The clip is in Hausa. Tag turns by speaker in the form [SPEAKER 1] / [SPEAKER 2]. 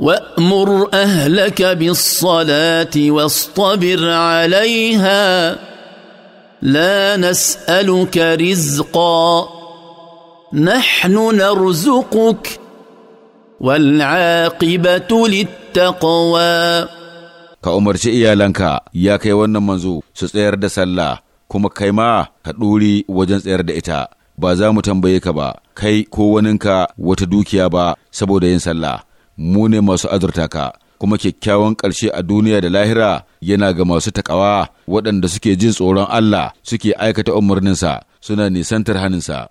[SPEAKER 1] وامر اهلك بالصلاه واصطبر عليها لا نسالك رزقا نحن نرزقك والعاقبه للتقوى
[SPEAKER 2] ka umarci iyalanka ya kai wannan manzo su tsayar da sallah kuma kai ma ka ɗuri wajen tsayar da ita ba za mu tambaye ka ba kai ko waninka wata dukiya ba saboda yin sallah mu ne masu azurta ka kuma kyakkyawan ƙarshe a duniya da lahira yana ga masu taƙawa waɗanda suke jin tsoron Allah suke aikata umarninsa suna nisantar haninsa.